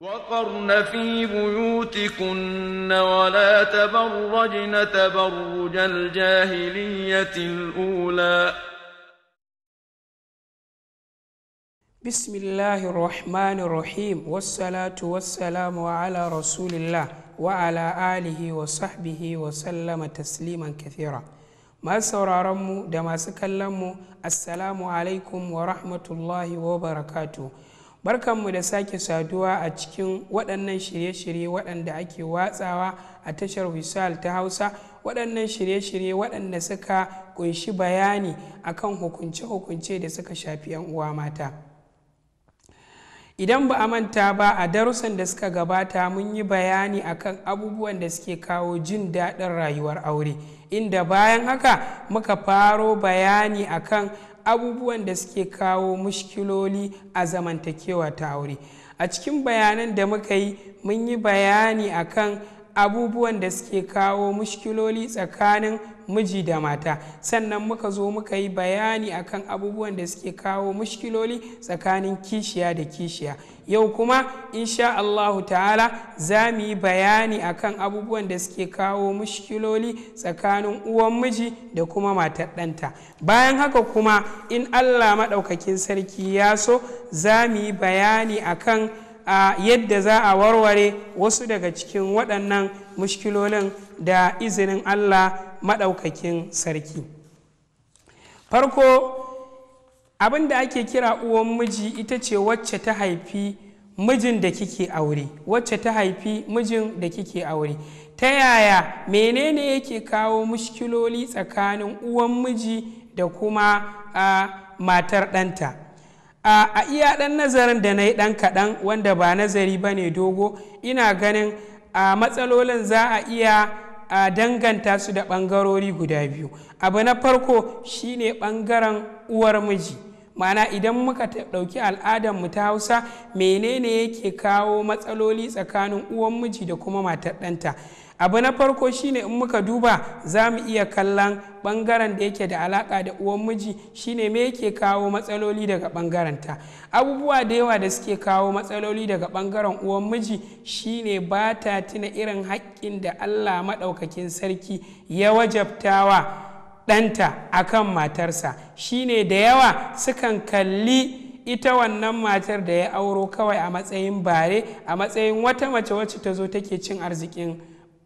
وقرن في بيوتكن ولا تبرجن تبرج الجاهلية الأولى بسم الله الرحمن الرحيم والصلاة والسلام على رسول الله وعلى آله وصحبه وسلم تسليما كثيرا ما sauraronmu da masu kallonmu assalamu alaikum wa rahmatullahi wa barkanmu da sake saduwa a cikin waɗannan shirye-shirye waɗanda ake watsawa a tashar wisal ta hausa waɗannan shirye-shirye waɗanda suka kunshi bayani akan hukunce-hukunce da suka shafi 'yan uwa mata idan ba a manta ba a darussan da suka gabata mun yi bayani akan abubuwan da suke kawo jin daɗin rayuwar aure inda bayan haka muka faro bayani akan abubuwan da suke kawo mushkiloli a zamantakewa ta aure a cikin bayanan da muka yi mun yi bayani akan abubuwan da suke kawo mushkiloli tsakanin miji da mata sannan muka zo muka yi bayani akan abubuwan da suke kawo mushkiloli tsakanin kishiya da kishiya yau kuma insha Allahu ta'ala za mu yi bayani akan abubuwan da suke kawo mushkiloli tsakanin uwan miji da kuma matar ɗanta bayan haka kuma in Allah maɗaukakin sarki ya so za mu yi bayani akan a yadda za a warware wasu daga cikin waɗannan mushkilolin da izinin allah maɗaukakin sarki farko abin da ake kira uwan miji ita ce wacce ta haifi mijin da kike aure wacce ta haifi mijin da kike aure ta yaya menene yake kawo mushkiloli tsakanin uwan miji da kuma a matar ɗanta a iya ɗan nazarin da na yi ɗan kaɗan wanda ba nazari ba ne dogo ina ganin a matsalolin za a iya a danganta su da ɓangarori guda biyu abu na farko shine ɓangaren uwar miji mana idan muka ɗauki al'adarmu ta hausa menene yake kawo matsaloli tsakanin uwan miji da kuma matar ɗanta abu na farko shine in muka duba za mu iya kallon bangaren da yake da alaka da uwan miji shine me yake kawo matsaloli daga bangaranta abubuwa da yawa da suke kawo matsaloli daga bangaren uwan miji shine ba ta tuna irin haƙƙin da allah maɗaukakin sarki ya wajabtawa ɗanta a kan matarsa shine da yawa sukan kalli ita wannan matar da ya auro kawai a matsayin bare a matsayin wata mace wacce ta zo take cin arzikin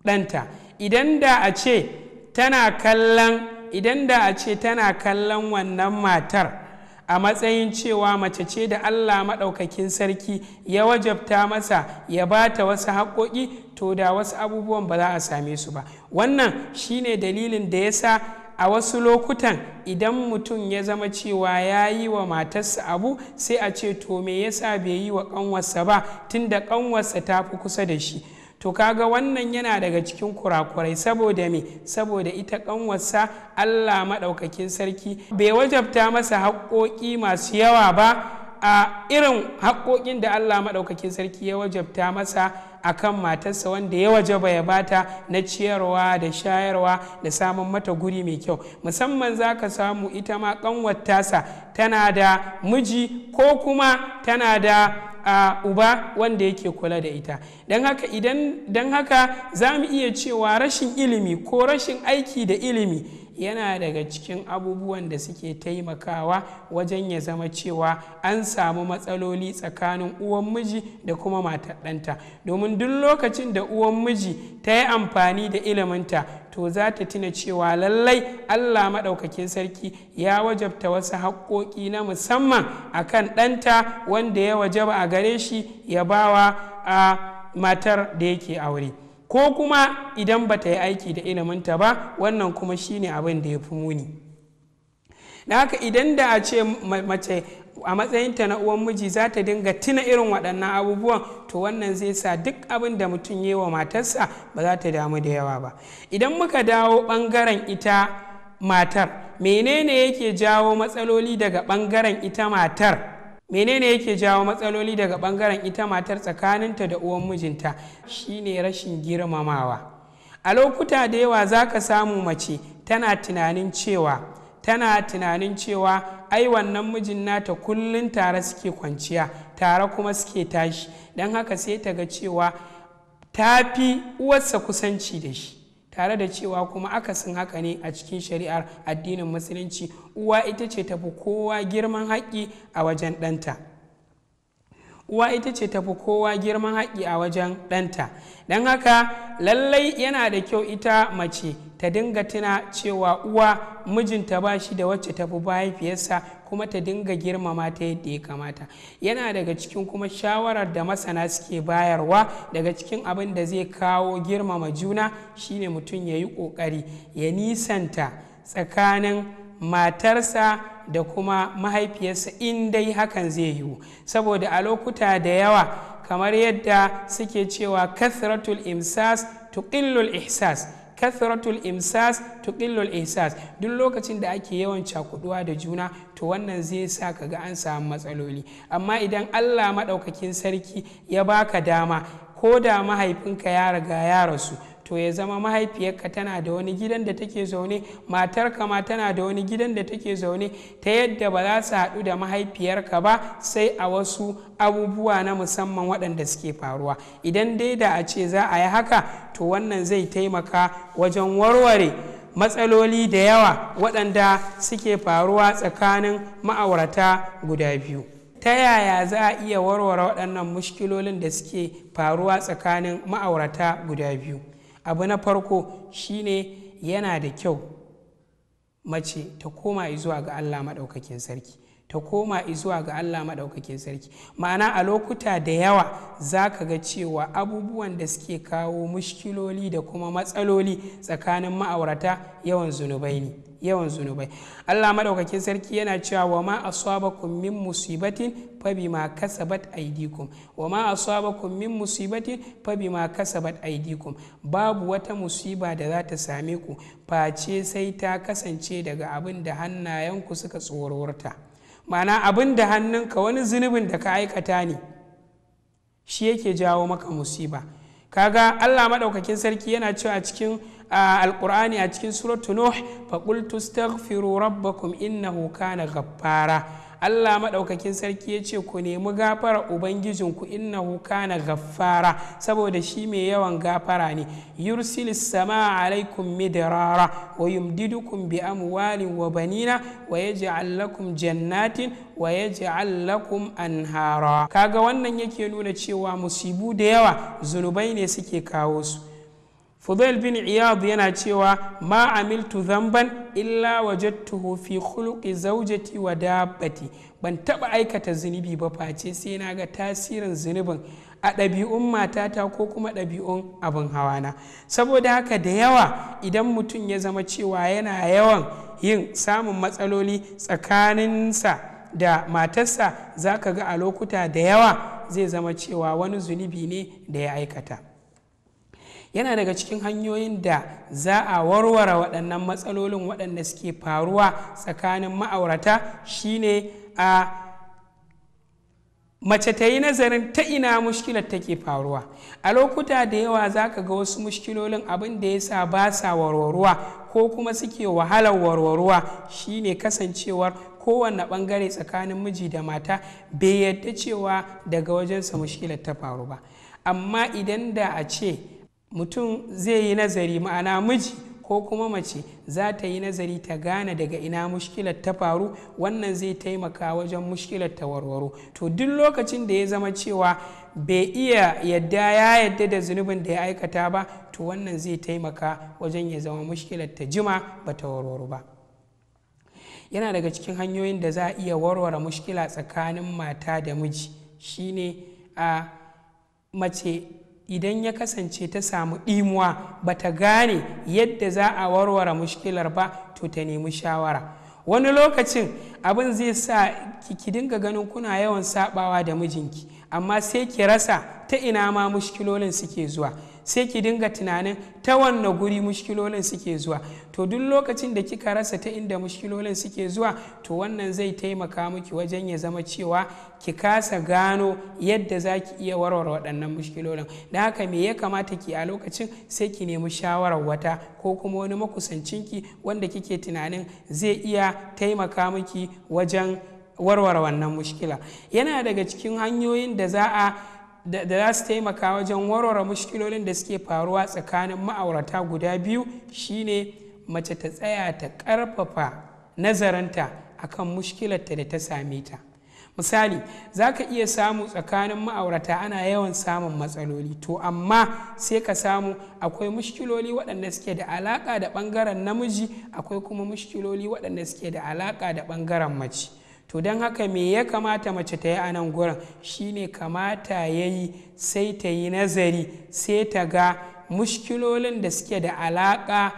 ɗanta idan da a ce tana kallon idan da a ce tana kallon wannan matar a matsayin cewa mace ce da Allah maɗaukakin sarki ya wajabta masa ya ba ta wasu haƙoƙi to da wasu abubuwan ba za a same su ba wannan shine dalilin da ya sa a wasu lokutan idan mutum ya zama cewa ya yi wa matarsa abu sai a ce to me yasa bai yi wa ƙanwarsa ba tunda ƙanwarsa ta fi kusa da shi to kaga wannan yana daga cikin kurakurai saboda me saboda ita kanwarsa allah maɗaukakin sarki bai wajabta masa haƙoƙi masu yawa ba a irin haƙoƙin da allah maɗaukakin sarki ya wajabta masa akan matarsa wanda ya wajaba ya bata na ciyarwa da shayarwa da samun mata guri mai kyau musamman za ka samu ita ma ƙanwar tasa tana da miji ko kuma tana da a uba wanda yake kula da ita don haka idan don haka za mu iya cewa rashin ilimi ko rashin aiki da ilimi yana daga cikin abubuwan da suke taimakawa wajen ya zama cewa an samu matsaloli tsakanin uwan miji da kuma matar ɗanta domin duk lokacin da uwan miji ta yi amfani da iliminta to za ta tuna cewa lallai allah maɗaukakin sarki ya wajabta wasu haƙoƙi na musamman a kan ɗanta wanda ya wajaba a gare shi ya bawa a matar da yake aure ko kuma idan ba ta yi aiki da iliminta ba wannan kuma shine abin da ya fi muni da haka idan da a ce mace a matsayinta na uwan miji za ta dinga tuna irin waɗannan abubuwan to wannan zai sa duk abin da mutum yi wa matarsa ba za ta damu da yawa ba idan muka dawo ɓangaren ita matar menene yake jawo matsaloli daga ɓangaren ita matar menene yake jawo matsaloli daga bangaren ita matar tsakaninta da uwan mijinta shine rashin girmamawa a lokuta da yawa za ka samu mace tana tunanin cewa tana tunanin cewa ai wannan mijin nata kullum tare suke kwanciya tare kuma suke tashi don haka sai ta ga cewa ta fi uwarsa kusanci da shi tare da cewa kuma akasin haka ne a cikin shari'ar addinin musulunci uwa ita ce tafi kowa girman haƙƙi a wajen ɗanta. uwa ita ce tafi kowa girman haƙƙi a wajen ɗanta don haka lallai yana da kyau ita mace ta dinga tuna cewa uwa mijinta ba shi da wacce tafi mahaifiyarsa kuma ta dinga girmama ta yadda ya kamata yana daga cikin kuma shawarar da masana suke bayarwa daga cikin abin da zai kawo girmama juna shine mutum ya yi ƙoƙari ya nisanta tsakanin matarsa da kuma mahaifiyarsa in dai hakan zai yiwu saboda a lokuta da yawa kamar yadda suke cewa kathratul imsas tuqillul ihsas kathratul imsas tuqillul ihsas duk lokacin da ake yawan cakuduwa da juna to wannan zai sa ka ga an samu matsaloli amma idan Allah maɗaukakin sarki ya baka dama ko da mahaifinka ya riga ya rasu to ya zama mahaifiyarka tana da wani gidan da take zaune matarka ma tana da wani gidan da take zaune ta yadda ba za su haɗu da mahaifiyarka ba sai a wasu abubuwa na musamman waɗanda suke faruwa idan dai da a ce za a yi haka to wannan zai taimaka wajen warware matsaloli da yawa waɗanda suke faruwa tsakanin ma'aurata guda biyu ta yaya za a iya warware waɗannan mushkilolin da suke faruwa tsakanin ma'aurata guda biyu abu na farko shine yana da kyau mace ta koma zuwa ga allah maɗaukakin sarki ta koma zuwa ga allah maɗaukakin sarki ma'ana a lokuta da yawa za ka ga cewa abubuwan da suke kawo mushkiloli da kuma matsaloli tsakanin ma'aurata yawan zunubai ne yawan zunubai Allah madaukakin sarki yana cewa wa ma asabakum min musibatin fa bima kasabat aydikum wa ma asabakum min musibatin fa bima kasabat aydikum babu wata musiba da za ta same ku face sai ta kasance daga abin da hannayenku suka tsororta mana abin da hannunka wani zunubin da ka aikata ne shi yake jawo maka musiba kaga Allah madaukakin sarki yana cewa a cikin A alkur'ani a cikin suratu nuh fa qultu astaghfiru rabbakum innahu kana gafara. Allah maɗaukakin sarki ya ce ku nemi gafara Ubangijinku innahu kana gafara. saboda shi mai yawan gafara ne yursilis sama alaikum midrara wa yumdidukum bi amwalin wa banina wa yaj'al lakum jannatin wa yaj'al lakum anhara kaga wannan yake nuna cewa musibu da yawa zunubai ne suke kawo su fudail bin iyadu yana cewa ma amiltu zamban illa wajadtuhu fi khuluqi zaujati wa dabbati ban taba aikata zunubi ba face sai na ga tasirin zunubin a ɗabi'un matata ko kuma ɗabi'un abin hawana saboda haka da yawa idan mutum ya zama cewa yana yawan yin samun matsaloli tsakaninsa da matarsa za ka ga a lokuta da yawa zai zama cewa wani zunubi ne da ya aikata yana daga cikin hanyoyin da za a warware waɗannan matsalolin waɗanda suke faruwa tsakanin ma'aurata shine a mace ta yi nazarin ta ina mushkilar take faruwa a lokuta da yawa za ka ga wasu mushkilolin abin da ya sa ba sa warwaruwa ko kuma suke wahalar warwaruwa shine kasancewar kowanne bangare tsakanin miji da mata bai yadda cewa daga wajensa mushkilar ta faru ba amma idan da a ce mutum zai yi nazari ma'ana miji ko kuma mace za ta yi nazari ta gane daga ina mushkilar ta faru wannan zai taimaka wajen mushkilar ta warwaro to duk lokacin da ya zama cewa bai iya yadda ya yadda da zunubin da ya aikata ba to wannan zai taimaka wajen ya zama mushkilar ta jima ba ta warwaro ba yana daga cikin hanyoyin da za a iya warware mushkila tsakanin mata da miji shine a mace idan ya kasance ta samu ɗimuwa ba ta gane yadda za a warware mushkilar ba to ta nemi shawara wani lokacin abin zai sa ki dinga ganin kuna yawan sabawa da mijinki amma sai ki rasa ta ina ma mushkilolin suke zuwa sai ki dinga tunanin ta wanne guri mushkilolin suke zuwa to duk lokacin da kika rasa ta inda mushkilolin suke zuwa to wannan zai taimaka miki wajen ya zama cewa ki kasa gano yadda za ki iya warware waɗannan mushkilolin da haka me ya kamata ki a lokacin sai ki nemi shawarar wata ko kuma wani makusancinki wanda kike tunanin zai iya taimaka miki wajen warware wannan mushkila yana daga cikin hanyoyin da za a da za su taimaka wajen warware mushkilolin da suke faruwa tsakanin ma'aurata guda biyu shine mace ta tsaya ta ƙarfafa a kan mushkilarta da ta same ta misali za ka iya samu tsakanin ma'aurata ana yawan samun matsaloli to amma sai ka samu akwai mushkiloli waɗanda suke da alaƙa da ɓangaren namiji akwai kuma mushkiloli waɗanda suke da alaƙa da ɓangaren mace to don haka me ya kamata mace ta yi a nan gurin shine kamata ya yi sai ta yi nazari sai ta ga mushkilolin da suke da alaƙa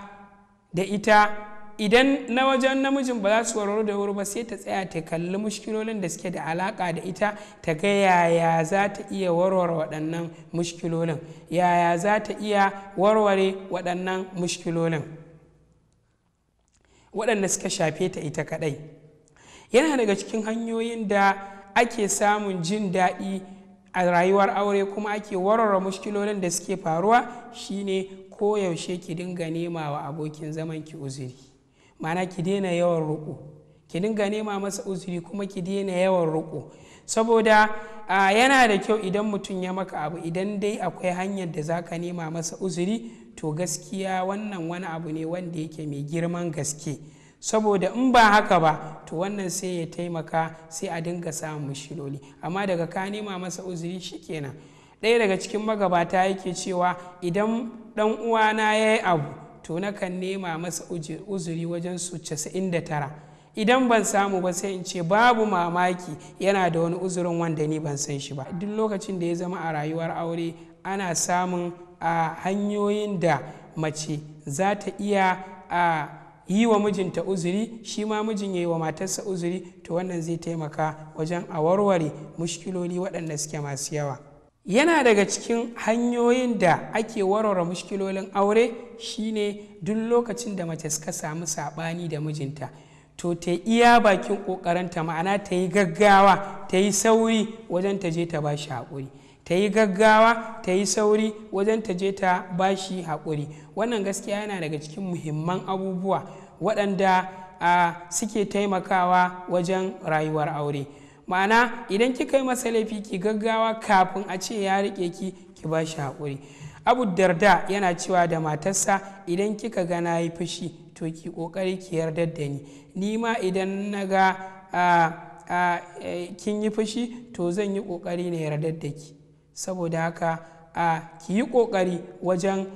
da ita idan na wajen namijin ba za su warware da wuri ba sai ta tsaya ta kalli mushkilolin da suke da alaka da ita ta ga yaya za ta iya warware waɗannan mushkilolin yaya za ta iya warware waɗannan mushkilolin waɗanda suka shafe ta ita kaɗai yana daga cikin hanyoyin da ake samun jin daɗi a rayuwar aure kuma ake warware mushkilolin da suke faruwa shine koyaushe ki dinga nema wa abokin zaman ki uzuri mana ki daina yawan roƙo ki dinga nema masa uzuri kuma ki daina yawan roƙo saboda yana da kyau idan mutum ya maka abu idan dai akwai hanyar da za ka nema masa uzuri to gaskiya wannan wani abu ne wanda yake mai girman gaske saboda in ba haka ba to wannan sai ya taimaka sai a dinga samun mushiloli amma daga ka nema masa uzuri kenan ɗaya daga cikin magabata yake cewa idan ɗan uwana ya yi abu to nakan nema masa uzuri wajen su casa'in da tara idan ban samu ba sai in ce babu mamaki yana da wani uzurin wanda ni ban san shi ba duk lokacin da ya zama a rayuwar aure ana samun a hanyoyin da mace za ta iya a yi wa mijinta uzuri shi ma mijin ya yi wa matarsa uzuri to wannan zai taimaka wajen a warware mushkiloli waɗanda suke masu yawa yana daga cikin hanyoyin da ake warware mushkilolin aure shine duk lokacin da mace suka samu saɓani da mijinta to ta iya bakin ƙoƙarinta ma'ana ta yi gaggawa ta yi sauri wajen ta je ta ba shi haƙuri ta yi gaggawa ta yi sauri wajen ta je ta bashi haƙuri wannan gaskiya yana daga cikin muhimman abubuwa waɗanda suke taimakawa wajen rayuwar aure ma'ana idan kika yi masa laifi ki gaggawa kafin a ce ya riƙe ki ki ba shi haƙuri abu darda yana cewa da matarsa idan kika ga na yi fushi to ki kokari ki yarda da ni ni ma idan na ga eh, kin yi fushi to zan yi ƙoƙari na yarda da ki saboda haka a ki yi ƙoƙari wajen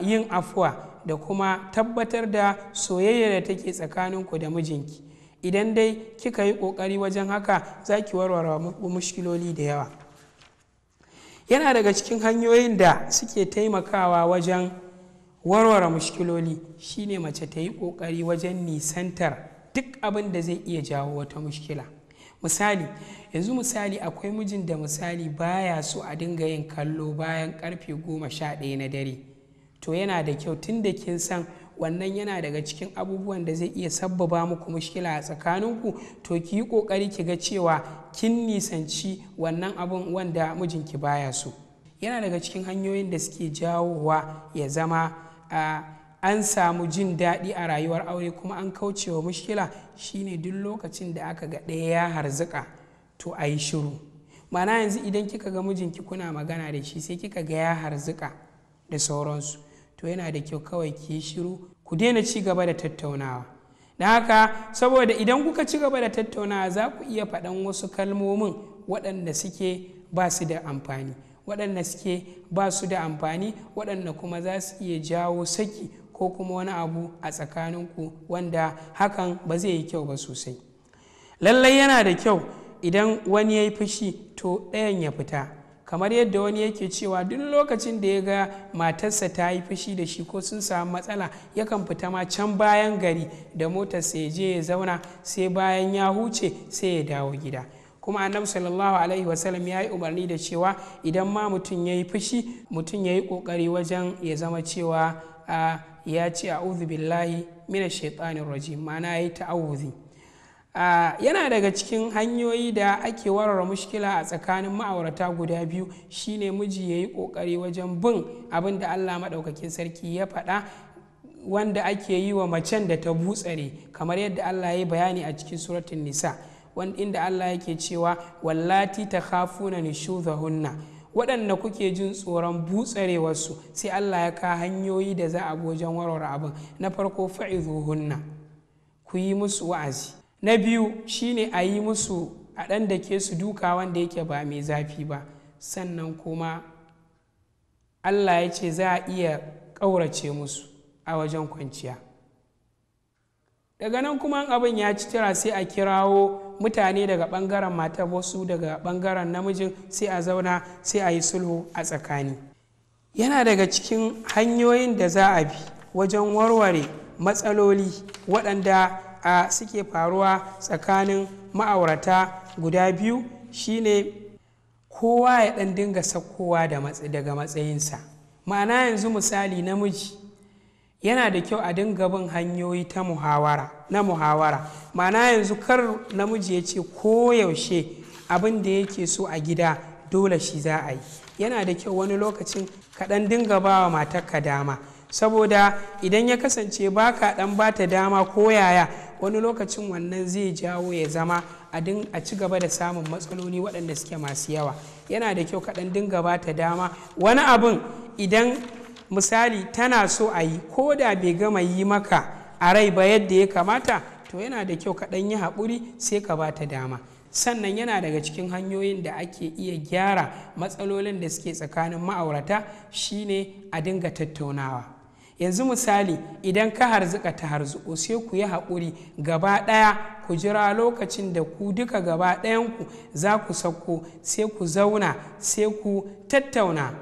yin afuwa da kuma tabbatar da soyayya da take tsakaninku da mijinki idan dai kika yi ƙoƙari wajen haka za ki warware mushkiloli da yawa yana daga cikin hanyoyin da suke taimakawa wajen warware mushkiloli shine mace ta yi ƙoƙari wajen nisantar duk abin da zai iya jawo wata mushkila. misali yanzu misali akwai mijin da misali baya so a dinga yin kallo bayan karfe goma sha ɗaya na dare to yana da kyau tun da kin san wannan yana daga cikin abubuwan da zai iya sabbaba muku mushkila a tsakaninku to ki yi ƙoƙari ki ga cewa kin nisanci wannan abun wanda mijinki baya so yana daga cikin hanyoyin da suke jawowa ya zama a ah, an samu jin daɗi a rayuwar aure kuma an kauce wa mushkila shine duk lokacin da aka ga ɗaya ya harzuka to a yi shiru mana yanzu idan kika ga mijinki kuna magana da shi sai kika ga ya harzuka da sauransu to yana da kyau kawai ki yi shiru ku daina ci gaba da tattaunawa da haka saboda idan kuka ci gaba da tattaunawa za ku iya faɗan wasu kalmomin waɗanda suke ba su da amfani waɗanda suke ba su da amfani waɗanda kuma za su iya jawo saki ko kuma wani abu a tsakaninku wanda hakan ba zai yi kyau ba sosai lallai yana da kyau idan wani ya yi fushi to ɗayan ya fita kamar yadda wani yake cewa duk lokacin da ya ga matarsa ta yi fushi da shi ko sun samu matsala yakan fita ma can bayan gari da motarsa ya je ya zauna sai bayan ya huce sai ya dawo gida kuma annabi sallallahu alaihi wasallam ya yi umarni da cewa idan ma mutum ya yi fushi mutum ya yi kokari wajen ya zama cewa a ah, ya ce a'udhu billahi minash shaitanir rajim ma'ana yayi ta'awuzi yana daga cikin hanyoyi da ake warware mushkila a tsakanin ma'aurata guda biyu shine miji yayi kokari wajen bin abin da Allah madaukakin sarki ya faɗa wanda ake yi wa macen da ta butsare kamar yadda Allah ya bayani a cikin suratun nisa inda Allah yake cewa wallati ta khafuna hunna. waɗanda kuke jin tsoron butsarewarsu sai allah ya ka hanyoyi da za a wajen warware abin na farko fa'izu hunna ku yi musu wa'azi na biyu shine a yi musu a ɗan da ke su duka wanda yake ba mai zafi ba sannan kuma allah ya ce za a iya ƙaurace musu a wajen kwanciya daga nan kuma abin ya ci tira sai a kirawo mutane daga ɓangaren matar wasu daga ɓangaren namijin sai a zauna sai a yi sulhu a tsakani yana daga cikin hanyoyin da za a bi wajen warware matsaloli waɗanda a suke faruwa tsakanin ma'aurata guda biyu shine kowa ya ɗan dinga sakkowa daga matsayinsa ma'ana yanzu misali namiji yana da kyau a dinga bin hanyoyi ta muhawara na muhawara mana yanzu kar namiji ya ce koyaushe abin da yake so a gida dole shi za a yi yana da kyau wani lokacin kaɗan dinga ba wa matarka dama saboda idan ya kasance ba ka ɗan ba ta dama ko yaya wani lokacin wannan zai jawo ya zama a ci gaba da samun matsaloli waɗanda suke masu yawa yana da kyau kaɗan dinga ba ta dama wani abin idan misali tana so a yi ko da bai gama yi maka a rai ba yadda ya kamata to yana da kyau ka ɗan yi haƙuri sai ka ba ta dama sannan yana daga cikin hanyoyin da ake iya gyara matsalolin da suke tsakanin ma'aurata shine a dinga tattaunawa yanzu misali idan ka harzuka ta harzuko sai ku yi haƙuri gaba ɗaya ku jira lokacin da ku duka gaba ɗayanku za ku sauko sai ku zauna sai ku tattauna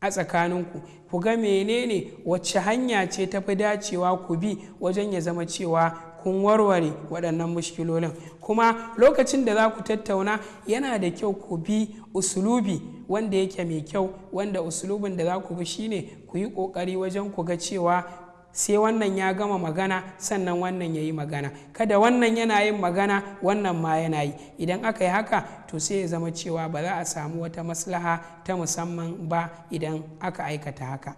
a tsakaninku ku ga menene wacce hanya ce ta fi dacewa ku bi wajen ya zama cewa kun warware waɗannan mushkilolin kuma lokacin da za ku tattauna yana da kyau ku bi usulubi wanda yake mai kyau wanda usulubin da za ku bi shine ku yi ƙoƙari wajen ku ga cewa sai wannan ya gama magana sannan wannan ya yi magana kada wannan yana yin magana wannan ma yana yi idan aka yi haka to sai ya zama cewa ba za a samu wata maslaha ta musamman ba idan aka aikata haka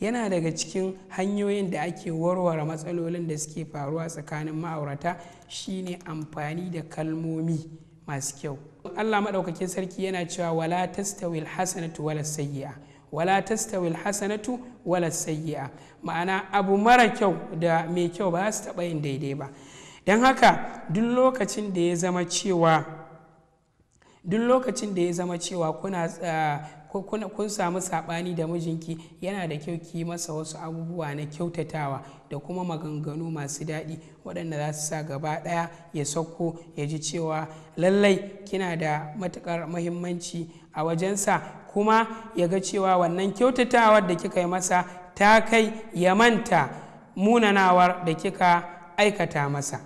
yana daga cikin hanyoyin da ake warware matsalolin da suke faruwa tsakanin ma'aurata shine amfani da kalmomi masu kyau allah maɗaukakin sarki yana cewa wala tastawil hasanatu wala sayyi'a wala tastawil hasanatu wala sayyi'a ma'ana abu mara kyau da mai kyau ba su taɓa yin daidai ba don haka duk lokacin da ya zama cewa duk lokacin da ya zama cewa ah, kun samu saɓani da mijinki yana da kyau ki masa wasu abubuwa na kyautatawa da kuma maganganu masu daɗi waɗanda za su sa gaba ɗaya ya sauko ya ji cewa lallai kina da matuƙar mahimmanci a wajensa kuma ya ga cewa wannan kyautatawar da kika yi masa ta kai ya manta munanawar da kika aikata masa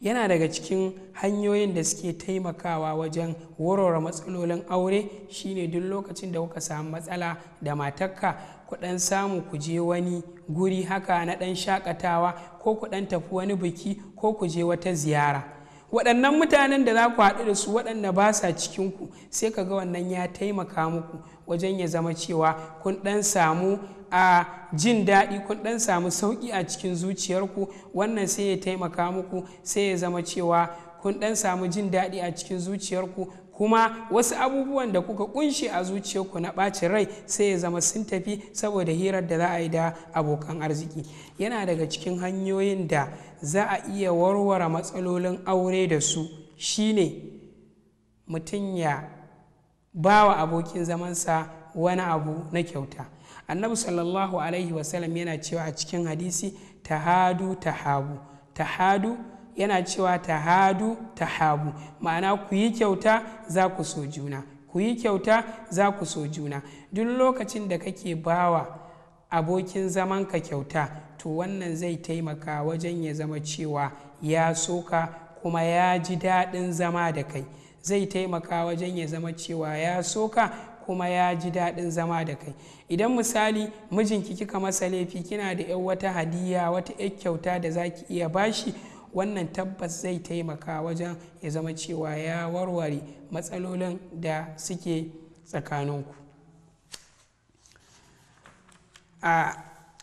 yana daga cikin hanyoyin da suke taimakawa wajen warware matsalolin aure shine duk lokacin da kuka samu matsala da matakka ku dan samu ku je wani guri haka na ɗan shakatawa ko ku ɗan tafi wani biki ko ku je wata ziyara waɗannan mutanen da za ku haɗu da su waɗanda ba sa cikinku sai ka ga wannan ya taimaka muku wajen ya zama cewa kun ɗan samu a jin daɗi kun ɗan samu sauƙi a cikin zuciyarku wannan sai ya taimaka muku sai ya zama cewa kun ɗan samu jin daɗi a cikin zuciyarku kuma wasu abubuwan da kuka kunshi a zuciyarku na ɓacin rai sai ya zama sun tafi saboda hirar da za a yi da abokan arziki yana daga cikin hanyoyin da za a iya warware matsalolin aure da su shine mutum ya ba wa abokin zamansa wani abu na kyauta annabi sallallahu alaihi wasallam yana cewa a cikin hadisi tahadu tahabu tahadu yana cewa ta hadu ta habu ma'ana ku yi kyauta za ku so juna ku yi kyauta za ku so juna duk lokacin da kake bawa abokin zamanka kyauta to wannan zai taimaka wajen ya zama cewa ya soka kuma ya ji daɗin zama da kai zai taimaka wajen ya zama cewa ya soka kuma ya ji daɗin zama da kai idan misali mijinki kika masa laifi kina da 'yan wata hadiya wata 'yan kyauta da za ki iya bashi wannan tabbas zai taimaka wajen ya zama cewa ya warware matsalolin da suke tsakaninku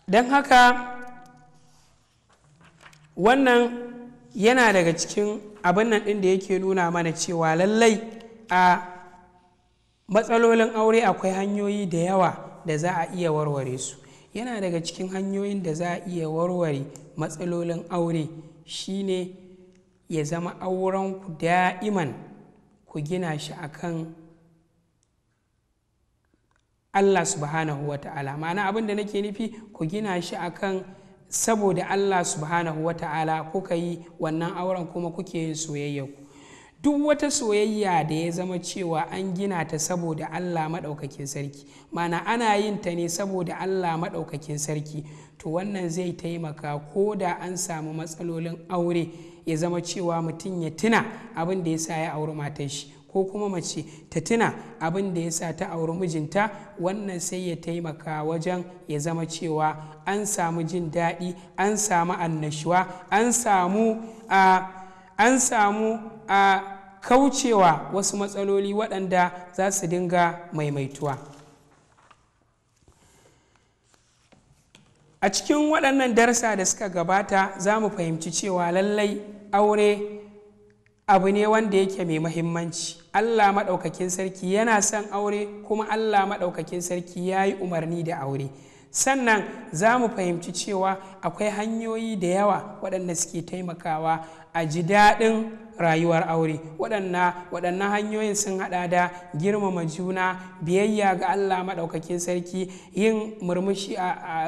don haka wannan yana daga cikin abin nan ɗin da yake nuna mana cewa lallai a matsalolin aure akwai hanyoyi da yawa da za a iya warware su yana daga cikin hanyoyin da za a iya warware matsalolin aure shine ya zama aurenku da'iman ku gina shi akan Allah subhanahu wa ta'ala ma'ana abin da nake nufi ku gina shi akan saboda Allah subhanahu wa ta'ala kuka yi wannan auren kuma kuke yin soyayyaku. duk wata soyayya da ya zama cewa an gina ta saboda Allah maɗaukakin sarki mana ana yin ta ne saboda Allah maɗaukakin sarki to wannan zai taimaka ko da an samu matsalolin aure ya zama cewa mutum ya tuna abin da ya sa ya auri matar shi ko kuma mace ta tuna abin da ya sa ta auri mijinta wannan sai ya taimaka wajen ya zama cewa an samu jin daɗi an samu annashuwa an samu a ah, an samu a kaucewa wasu matsaloli waɗanda za su dinga maimaituwa a cikin waɗannan darsa da suka gabata za mu fahimci cewa lallai aure abu ne wanda yake mai mahimmanci allah maɗaukakin sarki yana son aure kuma allah maɗaukakin sarki ya yi umarni da aure sannan za mu fahimci cewa akwai hanyoyi da yawa waɗanda suke taimakawa a ji daɗin rayuwar aure waɗanna waɗannan hanyoyin sun haɗa da girmama juna biyayya ga allah maɗaukakin sarki yin murmushi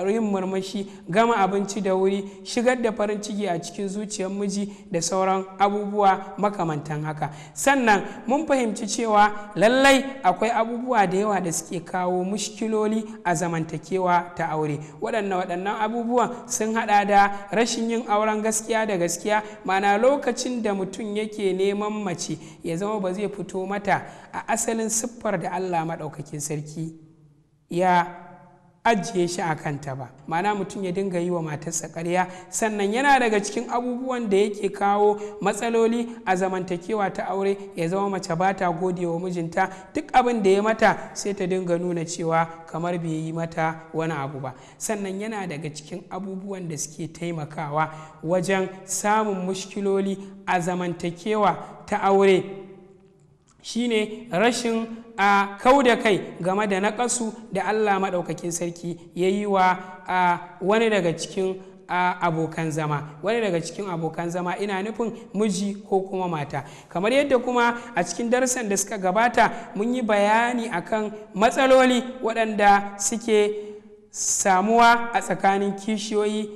yin murmushi gama abinci da wuri shigar da farin ciki a cikin zuciyar miji da sauran abubuwa makamantan haka sannan mun fahimci cewa lallai akwai abubuwa da yawa da suke kawo mushkiloli a zamantakewa ta aure waɗanna waɗannan abubuwan sun haɗa da rashin yin auren gaskiya da gaskiya ma'ana lokacin da mutum yake neman mace ya zama ba zai fito mata a asalin siffar da allah maɗaukakin sarki ya ajiye shi a kanta ba mana mutum ya dinga yi wa matarsa karya sannan yana daga cikin abubuwan da yake kawo matsaloli a zamantakewa ta aure ya zama mace ba ta gode wa mijinta duk abin da ya mata sai ta dinga nuna cewa kamar bai yi mata wani abu ba sannan yana daga cikin abubuwan da suke taimakawa wajen samun mushkiloli a zamantakewa ta aure shine rashin a kau da kai game da naƙasu da allah maɗaukakin sarki ya yi wa wani daga cikin abokan zama wani daga cikin abokan zama ina nufin miji ko kuma mata kamar yadda kuma a cikin darsan da suka gabata mun yi bayani akan matsaloli waɗanda suke samuwa a tsakanin kishiyoyi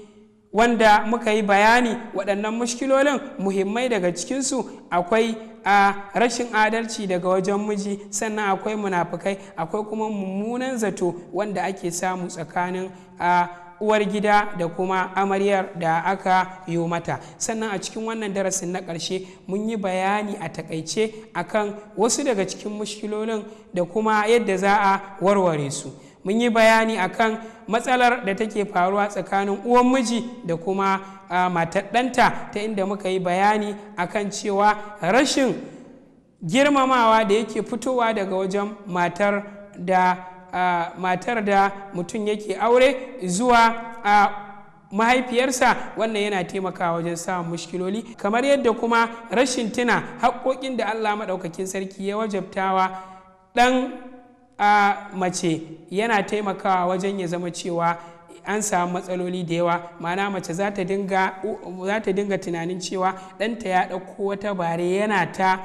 wanda muka yi bayani waɗannan mushkilolin muhimmai daga cikinsu akwai a rashin adalci daga wajen miji sannan akwai munafukai akwai kuma mummunan zato wanda ake samu tsakanin a uwar gida da kuma amaryar da aka yi mata sannan a cikin wannan darasin na ƙarshe mun yi bayani a takaice akan wasu daga cikin mushkilolin da kuma yadda za a warware su mun yi bayani akan matsalar da take faruwa tsakanin uwan miji da kuma matar ɗanta ta inda muka yi bayani akan cewa rashin girmamawa da yake fitowa daga wajen matar da matar da mutum yake aure zuwa a mahaifiyarsa wannan yana taimakawa wajen samun mushkiloli kamar yadda kuma rashin tuna haƙoƙin da allah maɗaukakin sarki ya wajabtawa ɗan a mace yana taimakawa wajen ya zama cewa an samu matsaloli da yawa mana mace za ta dinga tunanin cewa ɗanta ya ɗauko wata bare yana ta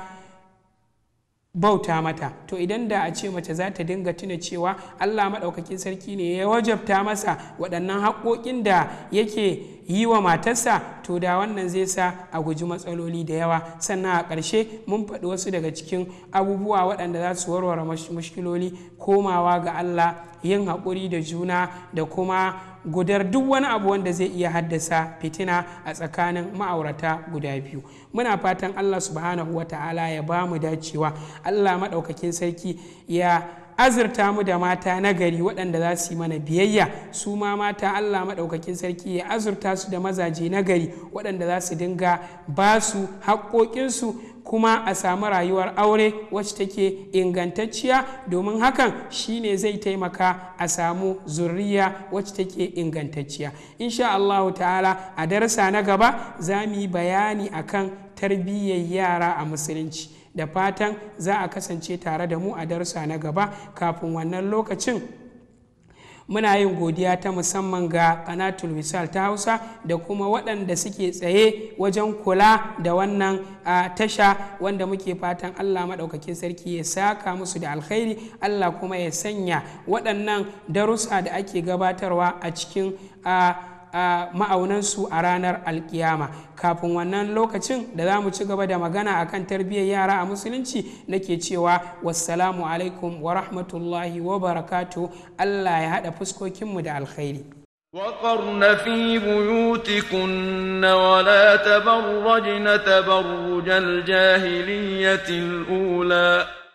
bauta mata to idan da a ce mace za ta dinga tuna cewa allah maɗaukakin sarki ne ya wajabta masa waɗannan haƙoƙin da yake yi wa matarsa to da wannan zai sa a guji matsaloli da yawa sannan a ƙarshe mun faɗi wasu daga cikin abubuwa waɗanda za su warware mushkiloli komawa ga allah yin haƙuri da juna da kuma gudar duk wani abu wanda zai iya haddasa fitina a tsakanin ma'aurata guda biyu muna fatan allah subhanahu wa ta'ala ya ba mu dacewa allah maɗaukakin sarki ya azurta mu da mata nagari waɗanda za su yi mana biyayya su ma mata Allah maɗaukakin sarki ya azurta su da mazaje nagari waɗanda za su dinga ba su haƙoƙinsu kuma a samu rayuwar aure wacce take ingantacciya domin hakan shine zai taimaka a samu zurriya wacce take ingantacciya insha Allahu ta'ala a darasa na gaba za mu yi bayani akan tarbiyyar yara a musulunci da fatan za a kasance tare da mu a darussa na gaba kafin wannan lokacin muna yin godiya ta musamman ga kanatul misal ta hausa da kuma waɗanda suke tsaye wajen kula da wannan tasha wanda muke fatan allah maɗaukakin sarki ya saka musu da alkhairi allah kuma ya sanya waɗannan darussa da ake gabatarwa a cikin a ma'aunansu a ranar alkiyama kafin wannan lokacin da za mu ci gaba da magana a kan tarbiyyar yara a musulunci nake cewa wassalamu alaikum wa rahmatullahi wa barakatu allah ya haɗa fuskokinmu da alkhairi وقرن في بيوتكن ولا تبرجن تبرج الجاهلية الأولى